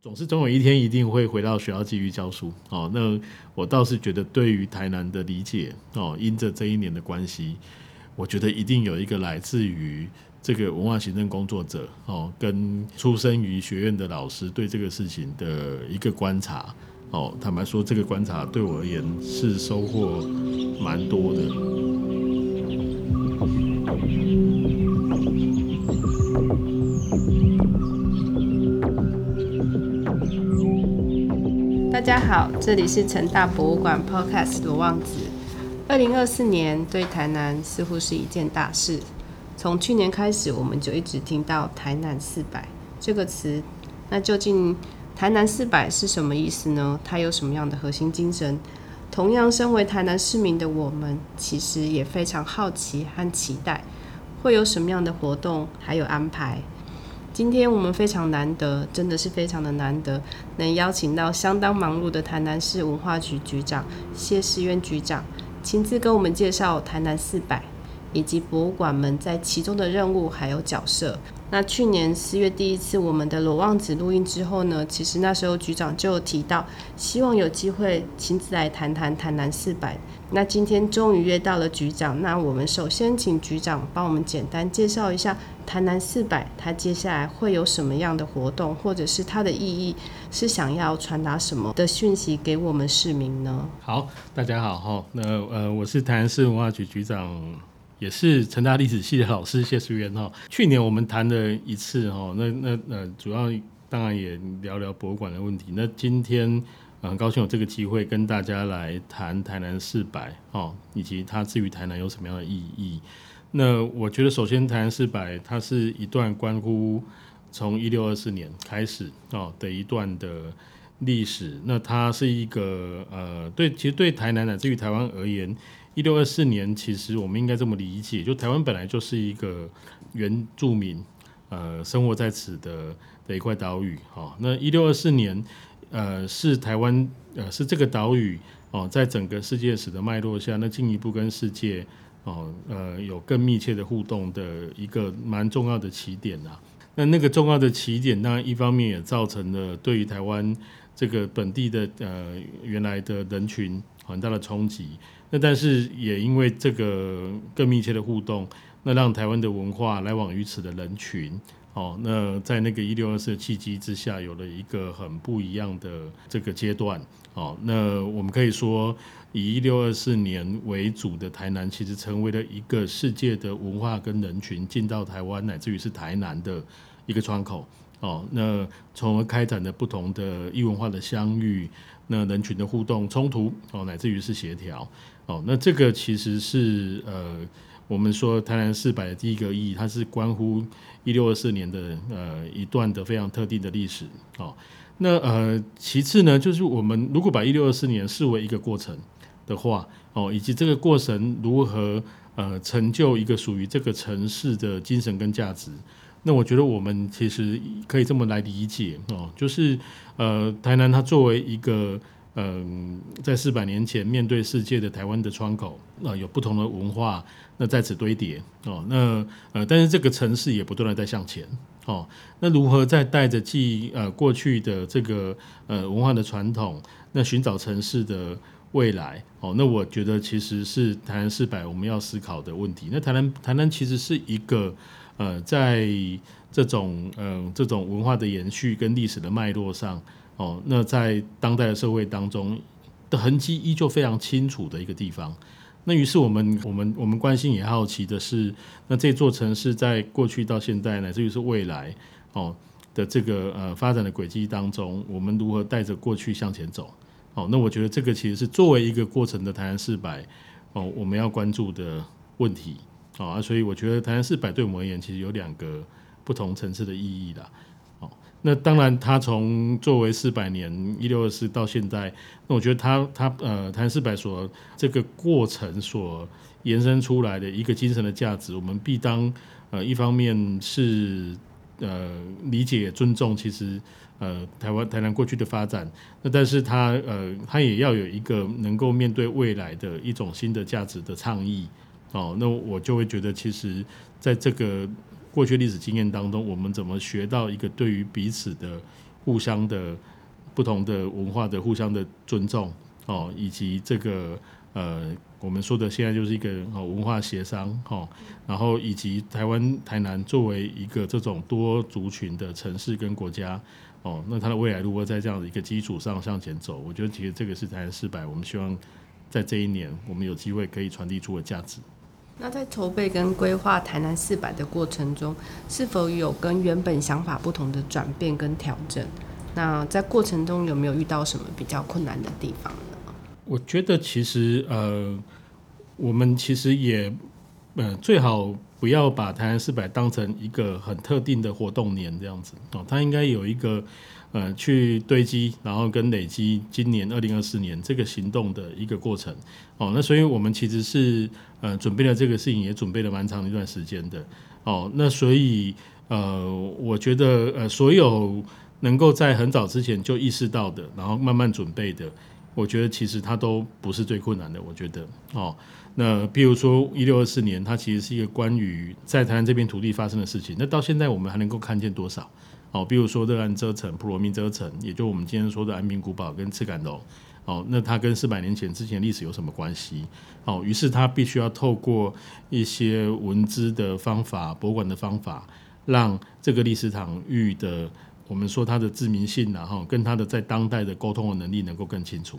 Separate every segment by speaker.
Speaker 1: 總是總有一天一定會回到學校繼續教書哦。那我倒是覺得，對於台南的理解哦因着這一年的關係，我覺得一定有一個來自於這個文化行政工作者哦，跟出生於學院的老師對這個事情的一個觀察哦。坦白說，這個觀察對我而言是收穫蠻多的。
Speaker 2: 大家好，這裡是成大博物館 Podcast 羅望子。二零二四年對台南似乎是一件大事，從去年開始，我們就一直聽到“台南四百”這個詞。那究竟“台南四百”是什麼意思呢？它有什麼樣的核心精神？同樣身為台南市民的我們，其實也非常好奇和期待，會有什麼樣的活動還有安排。今天我們非常難得，真的是非常的難得，能邀請到相當忙碌的台南市文化局局長謝仕淵局長，親自跟我們介紹台南四百以及博物館們在其中的任務還有角色。那去年四月第一次我們的羅望子錄音之後呢，其實那時候局長就提到，希望有機會親自來談談台南四百。那今天終於約到了局長，那我們首先請局長幫我們簡單介紹一下台南四百，它接下來會有什麼樣的活動，或者是它的意義是想要傳達什麼的訊息給我們市民呢？
Speaker 1: 好，大家好哈，那呃，我是台南市文化局局長，也是成大歷史系的老師謝仕淵哈。去年我們談了一次哈，那那呃，主要當然也聊聊博物館的問題，那今天。啊，很高興有這個機會跟大家來談台南四百，哦，以及它至於台南有什麼樣的意義。那我覺得首先台南四百，它是一段關乎從一六二四年開始，哦，的一段的歷史。那它是一個呃，對，其實對台南乃至於臺灣而言，一六二四年其實我們應該這麼理解，就臺灣本來就是一個原住民呃生活在此的的一塊島嶼哈。那一六二四年。呃，是台灣，呃，是這個島嶼哦，在整個世界史的脈絡下，那進一步跟世界哦，呃，有更密切的互動的一個蠻重要的起點啊。那那個重要的起點，當然一方面也造成了對於台灣這個本地的呃原來的人群很大的衝擊。那但是也因為這個更密切的互動，那讓台灣的文化來往於此的人群。哦，那在那個一六二四的契機之下，有了一個很不一樣的這個階段。哦，那我們可以說，以一六二四年為主的台南，其實成為了一個世界的文化跟人群進到台灣，乃至於是台南的一個窗口。哦，那從而開展了不同的異文化的相遇，那人群的互動、衝突，哦，乃至於是協調。哦，那這個其實是呃。我們說台南四百的第一個意義，它是關乎一六二四年的呃一段的非常特定的歷史哦。那呃其次呢，就是我們如果把一六二四年視為一個過程的話哦，以及這個過程如何呃成就一個屬於這個城市的精神跟價值，那我覺得我們其實可以這麼來理解哦，就是呃台南它作為一個。嗯、呃，在四百年前面對世界的台灣的窗口，那、呃、有不同的文化，那在此堆疊哦，那呃，但是這個城市也不斷的在向前哦，那如何在帶着記呃過去的這個呃文化的傳統，那尋找城市的未來哦，那我覺得其實是台南四百我們要思考的問題。那台南台南其實是一個呃，在這種嗯、呃、這種文化的延續跟歷史的脈絡上。哦，那在當代的社會當中，的痕跡依舊非常清楚的一個地方。那於是我們、我們、我們關心也好奇的是，那這座城市在過去到現在乃至於是未來，哦的這個呃發展的軌跡當中，我們如何帶着過去向前走？哦，那我覺得這個其實是作為一個過程的臺南400，哦我們要關注的問題。哦、啊，所以我覺得臺南400對我們而言，其實有兩個不同層次的意義啦。那當然，他從作為四百年一六二四到現在，那我覺得他他呃談四百所這個過程所延伸出來的一個精神的價值，我們必當呃一方面是呃理解尊重，其實呃台灣台南過去的發展，那但是他呃他也要有一個能夠面對未來的一種新的價值的倡議哦，那我就會覺得其實在這個。過去歷史經驗當中，我們怎麼學到一個對於彼此的互相的不同的文化的互相的尊重哦，以及這個呃，我們說的現在就是一個、哦、文化協商哈、哦，然後以及台灣台南作為一個這種多族群的城市跟國家哦，那它的未來如何在這樣的一個基礎上向前走，我覺得其實這個是台南四百，我們希望在這一年我們有機會可以傳遞出的價值。
Speaker 2: 那在籌備跟規劃台南四百的過程中，是否有跟原本想法不同的轉變跟調整？那在過程中有沒有遇到什麼比較困難的地方呢？
Speaker 1: 我覺得其實呃，我們其實也呃，最好不要把台南四百當成一個很特定的活動年這樣子哦，它應該有一個。呃，去堆積，然後跟累積，今年二零二四年這個行動的一個過程。哦，那所以我們其實是呃準備了這個事情，也準備了蠻長一段時間的。哦，那所以呃，我覺得呃，所有能夠在很早之前就意識到的，然後慢慢準備的，我覺得其實它都不是最困難的。我覺得哦，那比如說一六二四年，它其實是一個關於在台灣這片土地發生的事情，那到現在我們還能夠看見多少？哦，比如說熱蘭遮城、普羅民遮城，也就我們今天說的安平古堡跟赤崁樓，哦，那它跟四百年前之前的歷史有什麼關係？哦，於是它必須要透過一些文字的方法、博物館的方法，讓這個歷史場域的我們說它的知名性、啊，然、哦、後跟它的在當代的溝通的能力能夠更清楚。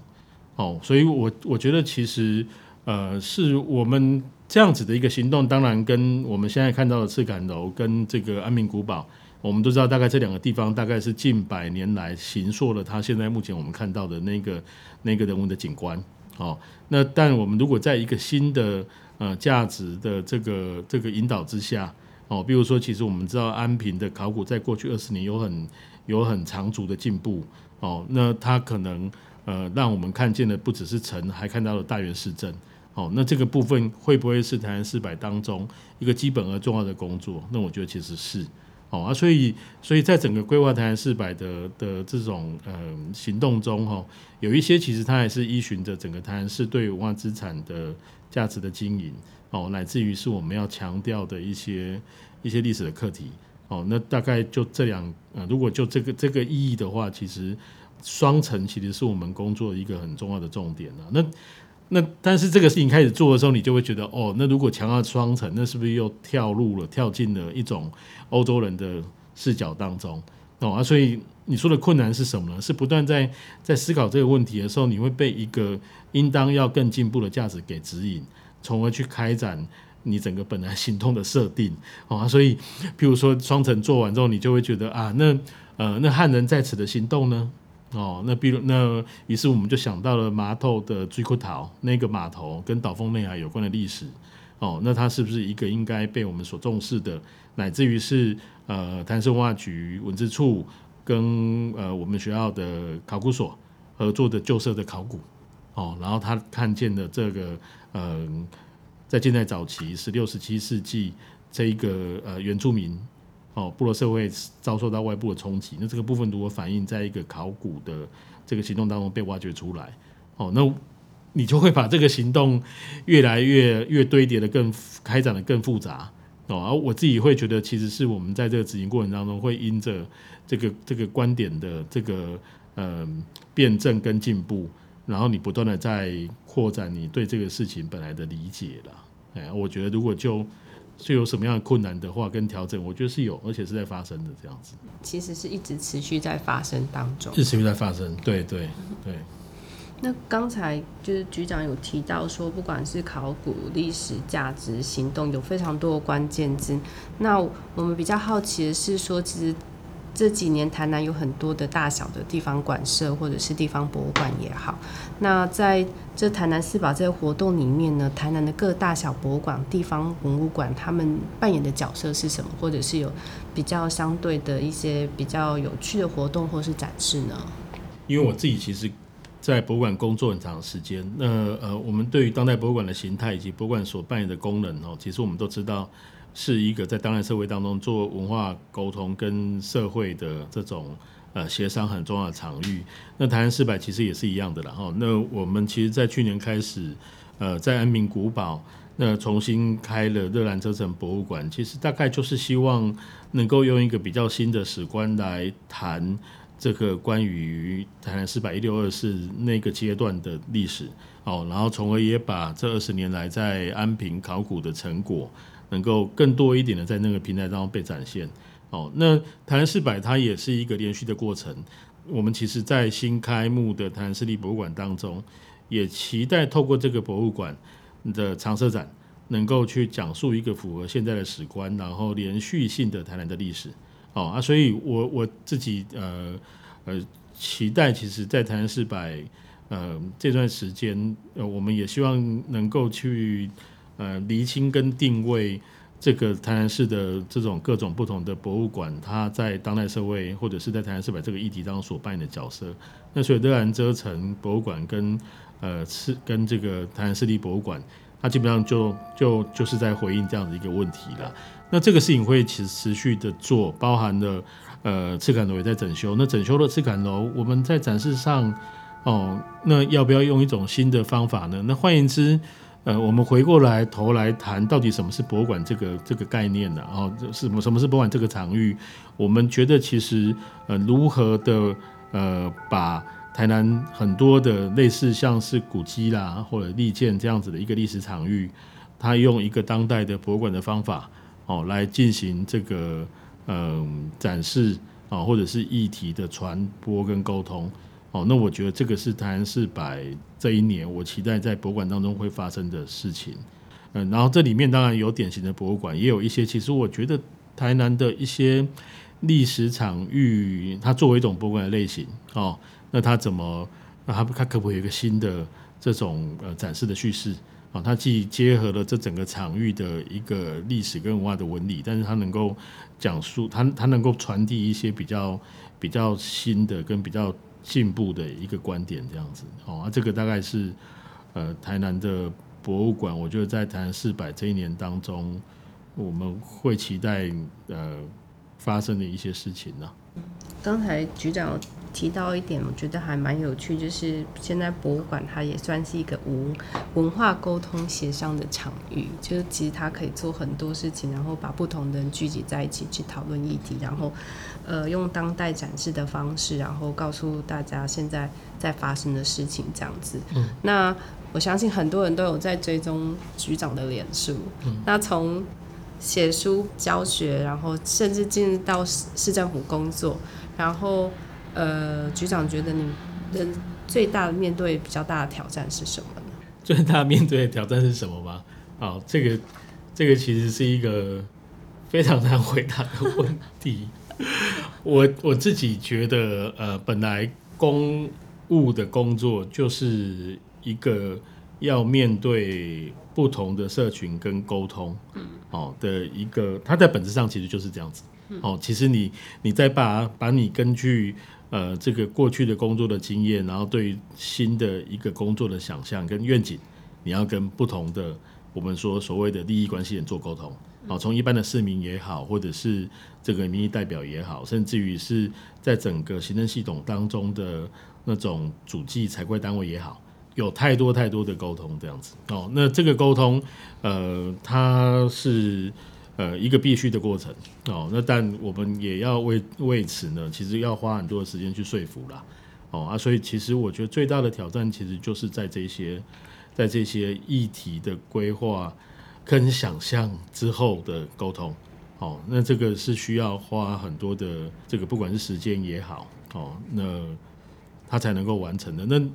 Speaker 1: 哦，所以我我覺得其實呃，是我們這樣子的一個行動，當然跟我們現在看到的赤崁樓跟這個安平古堡。我們都知道，大概這兩個地方大概是近百年來形塑了它現在目前我們看到的那個那個人文的景觀。哦，那但我們如果在一個新的呃價值的這個這個引導之下，哦，比如說，其實我們知道安平的考古在過去二十年有很有很長足的進步。哦，那它可能呃讓我們看見的不只是城，還看到了大員市鎮。哦，那這個部分會不會是台南四百當中一個基本而重要的工作？那我覺得其實是。哦啊，所以所以在整個規劃臺南四百的的這種呃行動中，哈、哦，有一些其實它還是依循着整個台南市對文化資產的價值的經營，哦，乃至於是我們要強調的一些一些歷史的課題，哦，那大概就這兩，呃、如果就這個這個意義的話，其實雙城其實是我們工作的一個很重要的重點呢、哦，那。那但是這個事情開始做的時候，你就會覺得哦，那如果強化雙城，那是不是又跳入了，跳進了一種歐洲人的視角當中？哦啊，所以你說的困難是什麼呢？是不斷在在思考這個問題的時候，你會被一個應當要更進步的價值給指引，從而去開展你整個本來行動的設定，哦，啊。所以，比如說雙城做完之後，你就會覺得啊，那呃，那漢人在此的行動呢？哦，那比如那於是我們就想到了麻豆的水堀頭，那個麻豆跟倒風內海有關的歷史，哦，那它是不是一個應該被我們所重視的，乃至於是呃臺南市文化局文資處跟呃我們學校的考古所合作的舊社的考古，哦，然後他看見了這個嗯、呃、在近代早期十六十七世紀這一個呃原住民。哦，部落社會遭受到外部的衝擊，那這個部分如果反映在一個考古的這個行動當中被挖掘出來，哦，那你就會把這個行動越來越越堆疊的更開展的更複雜，哦，而我自己會覺得，其實是我們在這個執行過程當中，會因着這個這個觀點的這個嗯、呃、辯證跟進步，然後你不斷的在擴展你對這個事情本來的理解了，誒、哎，我覺得如果就。所以有什麼樣的困難的話跟調整，我覺得是有，而且是在發生的這樣子。
Speaker 2: 其實是一直持續在發生當中。一直持續
Speaker 1: 在發生，對對對。
Speaker 2: 對，嗯，那剛才就是局長有提到說，不管是考古歷史價值行動，有非常多關鍵字。那我們比較好奇的是說，其實。這幾年台南有很多的大小的地方館舍，或者是地方博物館也好。那在這台南400這個活動裡面呢，台南的各大小博物館、地方博物館，他們扮演的角色是什麼？或者是有比較相對的一些比較有趣的活動或是展示呢？
Speaker 1: 因為我自己其實，在博物館工作很長時間，那呃，我們對於當代博物館的形態以及博物館所扮演的功能哦，其實我們都知道。是一個在當代社會當中做文化溝通跟社會的這種呃協商很重要的場域。那台南四百其實也是一樣的啦。哈、哦，那我們其實在去年開始，呃，在安平古堡那重新開了熱蘭遮城博物館，其實大概就是希望能夠用一個比較新的史觀來談這個關於台南四百一六二四那個階段的歷史。哦，然後從而也把這二十年來在安平考古的成果。能夠更多一點的在那個平台當中被展現，哦，那台南四百它也是一個連續的過程。我們其實在新開幕的台南市立博物館當中，也期待透過這個博物館的常設展，能夠去講述一個符合現在的史觀，然後連續性的台南的歷史。哦啊，所以我我自己呃呃期待，其實在台南四百呃這段時間，呃我們也希望能夠去。呃，釐清跟定位這個台南市的這種各種不同的博物館，它在當代社會或者是在台南市把這個議題當中所扮演的角色。那所以，熱蘭遮城博物館跟呃跟這個台南市立博物館，它基本上就就就，就是在回應這樣的一個問題了。那這個事情會持持續的做，包含了呃赤崁樓也在整修。那整修了赤崁樓，我們在展示上，哦，那要不要用一種新的方法呢？那換言之，呃，我們回過來頭來談，到底什麼是博物館這個這個概念呢、啊？哦，這什麼？什麼是博物館這個場域？我們覺得其實，呃，如何的呃，把台南很多的類似像是古蹟啦，或者歷建這樣子的一個歷史場域，它用一個當代的博物館的方法，哦，來進行這個嗯、呃、展示啊、哦，或者是議題的傳播跟溝通。哦，那我覺得這個是台南400這一年，我期待在博物館當中會發生的事情。嗯，然後這裡面當然有典型的博物館，也有一些其實我覺得台南的一些歷史場域，它作為一種博物館的類型，哦，那它怎麼，那它它可不可以有一個新的這種呃展示的敘事？哦，它既結合了這整個場域的一個歷史跟文化的紋理，但是它能夠講述，它它能夠傳遞一些比較比較新的跟比較。進步的一個觀點這樣子哦，啊，這個大概是，呃，台南的博物館，我覺得在台南四百這一年當中，我們會期待呃發生的一些事情呢、啊。嗯、
Speaker 2: 剛才局長提到一點，我覺得還蠻有趣，就是現在博物館它也算是一個文文化溝通協商的場域，就是，其實它可以做很多事情，然後把不同的人聚集在一起去討論議題，然後，呃，用當代展示的方式，然後告訴大家現在在發生的事情這樣子。嗯。那我相信很多人都有在追蹤局長的臉書。嗯。那從寫書、教學，然後甚至進入到市政府工作，然後。呃，局長覺得你的最大的面對比較大的挑戰是什麼呢？
Speaker 1: 最大面對的挑戰是什麼嗎？好、哦，這個這個其實是一個非常難回答的問題。 我我自己覺得，呃，本來公務的工作就是一個要面對不同的社群跟溝通，好、嗯哦、的一個，它在本質上其實就是這樣子。哦，其實你你在把把你根據呃這個過去的工作的經驗，然後對新的一個工作的想象跟願景，你要跟不同的我們說所謂的利益關係人做溝通。哦，從一般的市民也好，或者是這個民意代表也好，甚至於是在整個行政系統當中的那種主計財會單位也好，有太多太多的溝通這樣子。哦，那這個溝通，呃，它是。呃，一個必須的過程哦，那但我們也要為為此呢，其實要花很多的時間去說服啦，哦啊，所以其實我覺得最大的挑戰，其實就是在這些在這些議題的規劃跟想象之後的溝通，哦，那這個是需要花很多的這個不管是時間也好，哦，那它才能夠完成的。那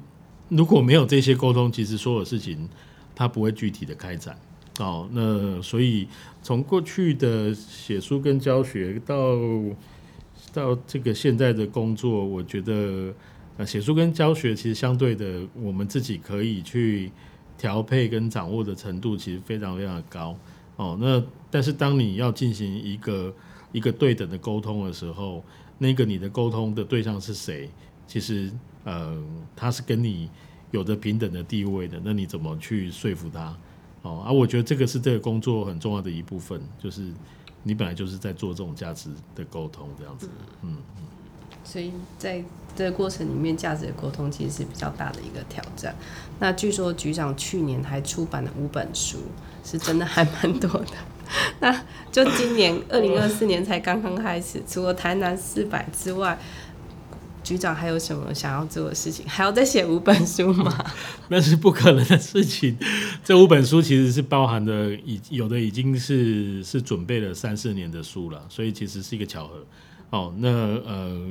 Speaker 1: 如果沒有這些溝通，其實所有事情它不會具體的開展。哦，那所以從過去的寫書跟教學到到這個現在的工作，我覺得呃寫書跟教學其實相對的，我們自己可以去調配跟掌握的程度其實非常非常的高。哦，那但是當你要進行一個一個對等的溝通的時候，那個你的溝通的對象是誰？其實呃，他是跟你有着平等的地位的，那你怎麼去說服他？哦，啊，我覺得這個是這個工作很重要的一部分，就是你本來就是在做這種價值的溝通，這樣子。嗯
Speaker 2: 嗯。所以在這個過程裡面，價值的溝通其實是比較大的一個挑戰。那據說局長去年還出版了五本書，是真的還蠻多的。 那就今年二零二四年才剛剛開始， 除了台南四百之外。局長還有什麼想要做的事情？還要再寫五本書嗎？嗯，
Speaker 1: 那是不可能的事情。這五本書其實是包含的，有的已經是是準備了三四年的書了，所以其實是一個巧合。好，哦，那呃，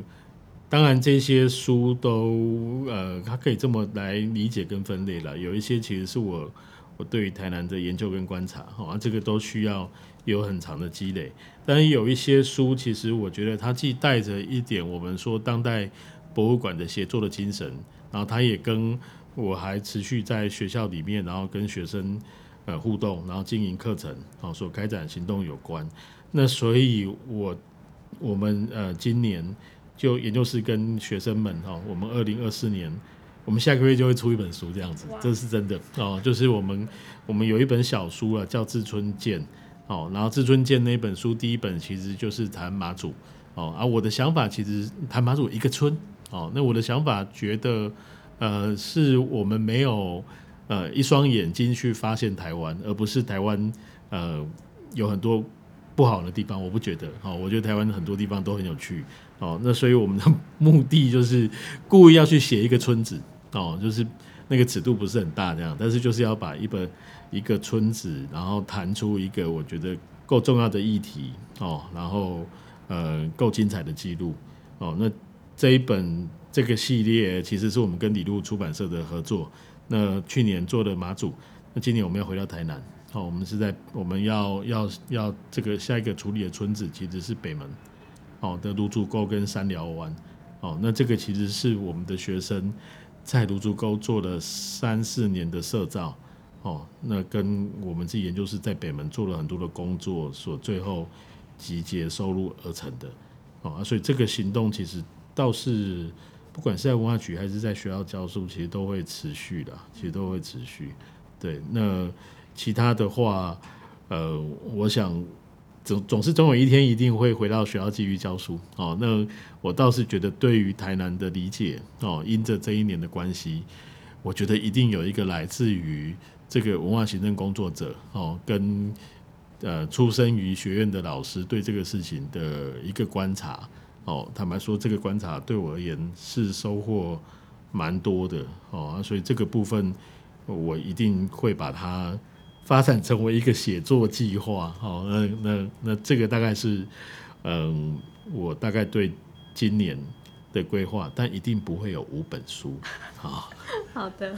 Speaker 1: 當然這些書都呃，它可以這麼來理解跟分類了。有一些其實是我。我對於台南的研究跟觀察，好，這個都需要有很長的積累。但是有一些書，其實我覺得它既帶着一點我們說當代博物館的協作的精神，然後它也跟我還持續在學校裡面，然後跟學生呃互動，然後經營課程啊，所開展行動有關。那所以我我們呃今年就研究室跟學生們哦，我們二零二四年，我們下個月就會出一本書，這樣子，這是真的哦。就是我們，我們有一本小書啊，叫《誌村鑑》哦。然後《誌村鑑》那本書，第一本其實就是談馬祖哦。而、啊、我的想法其實談馬祖一個村哦。那我的想法覺得，呃，是我們沒有呃一雙眼睛去發現台灣，而不是台灣呃有很多不好的地方。我不覺得哦，我覺得台灣很多地方都很有趣哦。那所以我們的目的就是故意要去寫一個村子。哦，就是那個尺度不是很大這樣，但是就是要把一本一個村子，然後談出一個我覺得夠重要的議題哦，然後呃夠精彩的記錄哦。那這一本這個系列其實是我們跟李路出版社的合作。那去年做的馬祖，那今年我們要回到台南哦。我們是在我們要要要這個下一個處理的村子其實是北門哦的蘆竹溝跟三寮灣哦。那這個其實是我們的學生。在蘆竹溝做了三四年的社造，哦，那跟我們自己研究室在北門做了很多的工作，所最後集結收入而成的，哦，啊、所以這個行動其實倒是不管是在文化局還是在學校教書，其實都會持續的，其實都會持續。對，那其他的話，呃，我想。總總是總有一天一定會回到學校繼續教書哦。那我倒是覺得對於台南的理解哦，因着這一年的關係，我覺得一定有一個來自於這個文化行政工作者哦，跟呃出身於學院的老師對這個事情的一個觀察哦。坦白說，這個觀察對我而言是收穫蠻多的哦、啊。所以這個部分我一定會把它。發展成為一個寫作計劃，好、哦，那那那這個大概是，嗯，我大概對今年的規劃，但一定不會有五本書，
Speaker 2: 好、哦。 好的，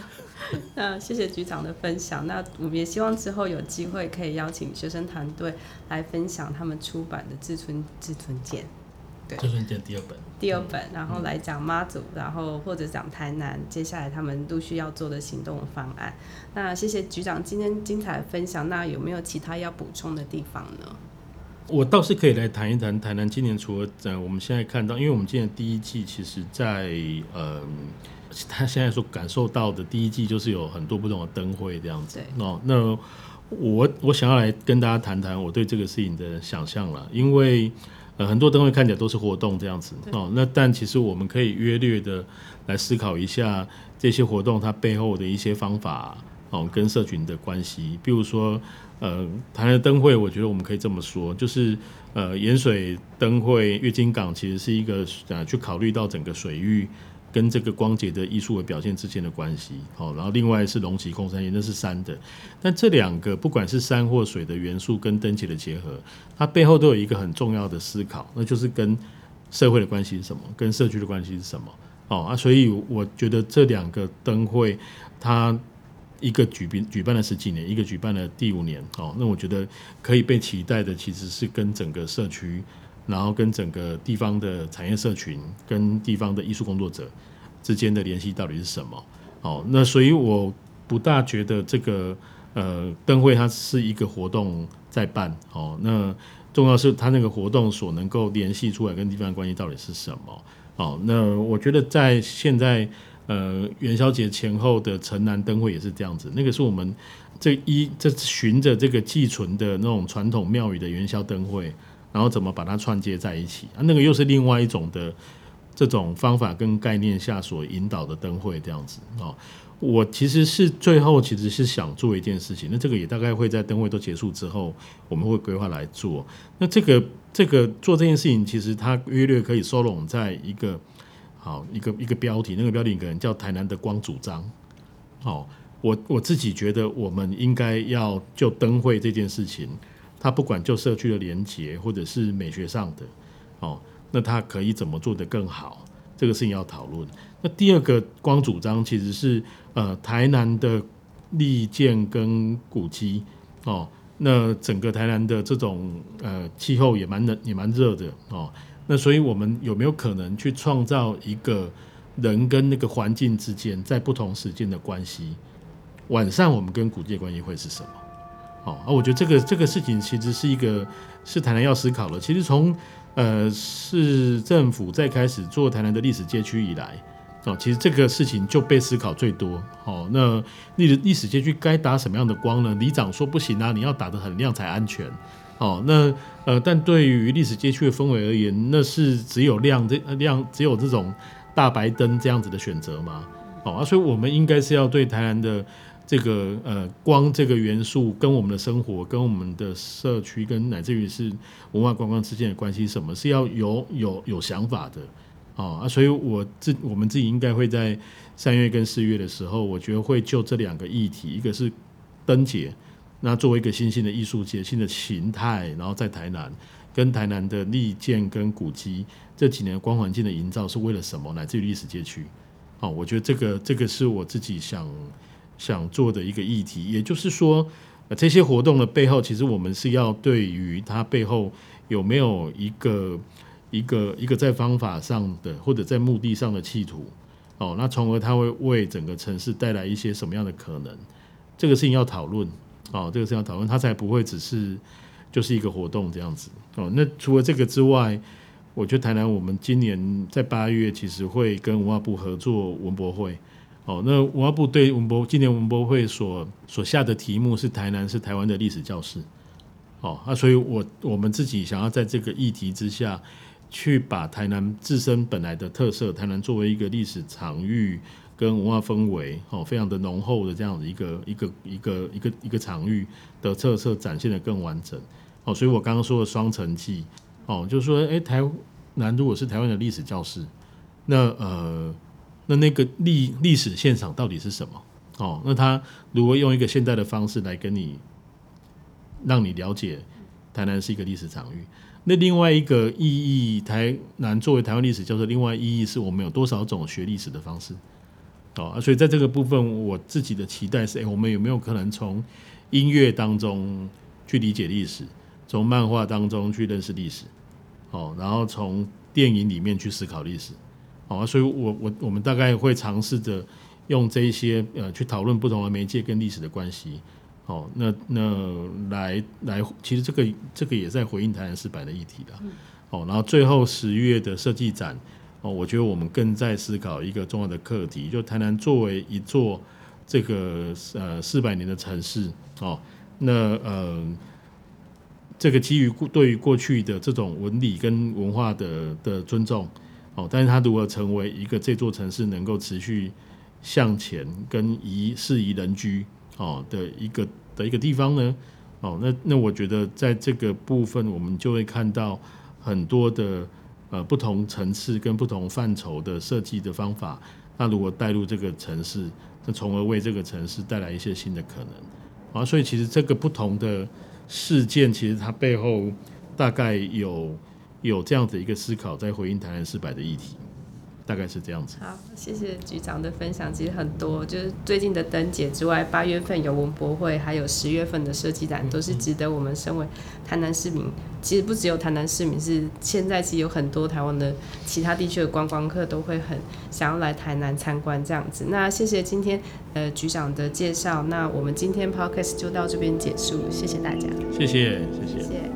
Speaker 2: 那謝謝局長的分享。那我們也希望之後有機會可以邀請學生團隊來分享他們出版的自《自存自存簡》。
Speaker 1: 就你講第二
Speaker 2: 本，第二本，然後來講媽祖、嗯，然後或者講臺南，接下來他們陸續要做的行動方案。那謝謝局長今天精彩的分享。那有沒有其他要補充的地方呢？
Speaker 1: 我倒是可以來談一談台南今年，除了在、呃、我們現在看到，因為我們今年第一季，其實在，在、呃、嗯，他現在所感受到的第一季，就是有很多不同的燈會這樣子，對。哦，那我我想要來跟大家談談我對這個事情的想象了，因為。嗯呃，很多燈會看起來都是活動這樣子哦，那但其實我們可以約略的來思考一下這些活動它背後的一些方法哦，跟社群的關係。比如說，呃，台南燈會，我覺得我們可以這麼說，就是呃，鹽水燈會、月津港其實是一個呃，去考慮到整個水域。跟這個光節的藝術的表現之間的關係，哦，然後另外是龍崎空山祭，那是山的，但這兩個不管是山或水的元素跟燈節的結合，它背後都有一個很重要的思考，那就是跟社會的關係是什麼，跟社區的關係是什麼，哦，啊，所以我覺得這兩個燈會，它一個舉辦舉辦了十幾年，一個舉辦了第五年，哦，那我覺得可以被期待的其實是跟整個社區。然後跟整個地方的產業社群，跟地方的藝術工作者之間的聯繫到底是什麼？哦，那所以我不大覺得這個呃燈會它是一個活動在辦，哦，那重要是它那個活動所能夠聯繫出來跟地方的關係到底是什麼？哦，那我覺得在現在呃元宵節前後的城南燈會也是這樣子，那個是我們這一這循着這個寄存的那種傳統廟宇的元宵燈會。然後怎麼把它串接在一起？啊，那個又是另外一種的這種方法跟概念下所引導的燈會這樣子哦。我其實是最後其實是想做一件事情，那這個也大概會在燈會都結束之後，我們會規劃來做。那這個這個做這件事情，其實它約略可以收攏在一個好、哦、一個一個標題，那個標題可能叫“台南的光主張”哦。好，我我自己覺得我們應該要就燈會這件事情。他不管就社區的連接或者是美學上的，哦，那它可以怎麼做得更好？這個事情要討論。那第二個光主張其實是，呃，台南的歷建跟古蹟，哦，那整個台南的這種呃氣候也蠻冷，也蠻熱的哦。那所以我們有沒有可能去創造一個人跟那個環境之間在不同時間的關係？晚上我們跟古蹟的關係會是什麼？哦，啊，我覺得這個這個事情其實是一個是台南要思考的。其實從，呃，市政府在開始做台南的歷史街區以來，哦，其實這個事情就被思考最多。哦，那歷史歷史街區該打什麼樣的光呢？里長說不行啊，你要打得很亮才安全。哦，那呃，但對於歷史街區的氛圍而言，那是只有亮，這亮只有這種大白燈這樣子的選擇嗎？哦，啊，所以我們應該是要對台南的。這個呃，光這個元素跟我們的生活、跟我們的社區、跟乃至於是文化觀光之間的關係，什麼是要有有有想法的，哦啊，所以我自我們自己應該會在三月跟四月的時候，我覺得會就這兩個議題，一個是燈節，那作為一個新興的藝術節、新的形態，然後在台南跟台南的歷建跟古蹟這幾年的光環境的營造是為了什麼，乃至於歷史街區，哦，我覺得這個這個是我自己想。想做的一個議題，也就是說、呃，這些活動的背後，其實我們是要對於它背後有沒有一個一個一個在方法上的或者在目的上的企圖，哦，那從而它會為整個城市帶來一些什麼樣的可能？這個事情要討論，哦，這個事情要討論，它才不會只是就是一個活動這樣子。哦，那除了這個之外，我就談談我們今年在八月其實會跟文化部合作文博會。哦，那文化部對文博今年文博會所所下的題目是台南是台灣的歷史教室，哦，那、啊、所以我，我我們自己想要在這個議題之下去把台南自身本來的特色，台南作為一個歷史場域跟文化氛圍，哦，非常的濃厚的這樣的一個一個一個一個一個場域的特色，展現的更完整。哦，所以我剛剛說的雙城記，哦，就是說，誒，台南如果是台灣的歷史教室，那呃。那那個歷歷史現場到底是什麼？哦，那他如果用一個現代的方式來跟你讓你了解，台南是一個歷史場域。那另外一個意義，台南作為台灣歷史教授，叫做另外意義是我們有多少種學歷史的方式。哦，所以在這個部分，我自己的期待是：欸，我們有沒有可能從音樂當中去理解歷史，從漫畫當中去認識歷史，哦，然後從電影裡面去思考歷史。好，所以我，我我我們大概會嘗試着用這一些呃，去討論不同的媒介跟歷史的關係。好、哦，那那來來，其實這個這個也在回應台南四百的議題的。哦，然後最後十月的設計展，哦，我覺得我們更在思考一個重要的課題，就台南作為一座這個呃四百年的城市。哦，那呃，這個基於對於過去的這種文理跟文化的的尊重。哦，但是它如何成為一個這座城市能夠持續向前跟、跟宜適宜人居哦的一個的一個地方呢？哦，那那我覺得在這個部分，我們就會看到很多的呃不同層次跟不同範疇的設計的方法，那如果帶入這個城市，那從而為這個城市帶來一些新的可能啊。所以其實這個不同的事件，其實它背後大概有。有這樣子一個思考，在回應台南四百的議題，大概是這樣子。好，
Speaker 2: 謝謝局長的分享。其實很多，就是最近的燈節之外，八月份有文博會，還有十月份的設計展，都是值得我們身為台南市民，嗯。其實不只有台南市民，是現在其實有很多台灣的其他地區的觀光客都會很想要來台南參觀這樣子。那謝謝今天呃局長的介紹。那我們今天 Podcast 就到這邊結束，謝謝大家。謝謝，
Speaker 1: 謝謝。謝
Speaker 2: 謝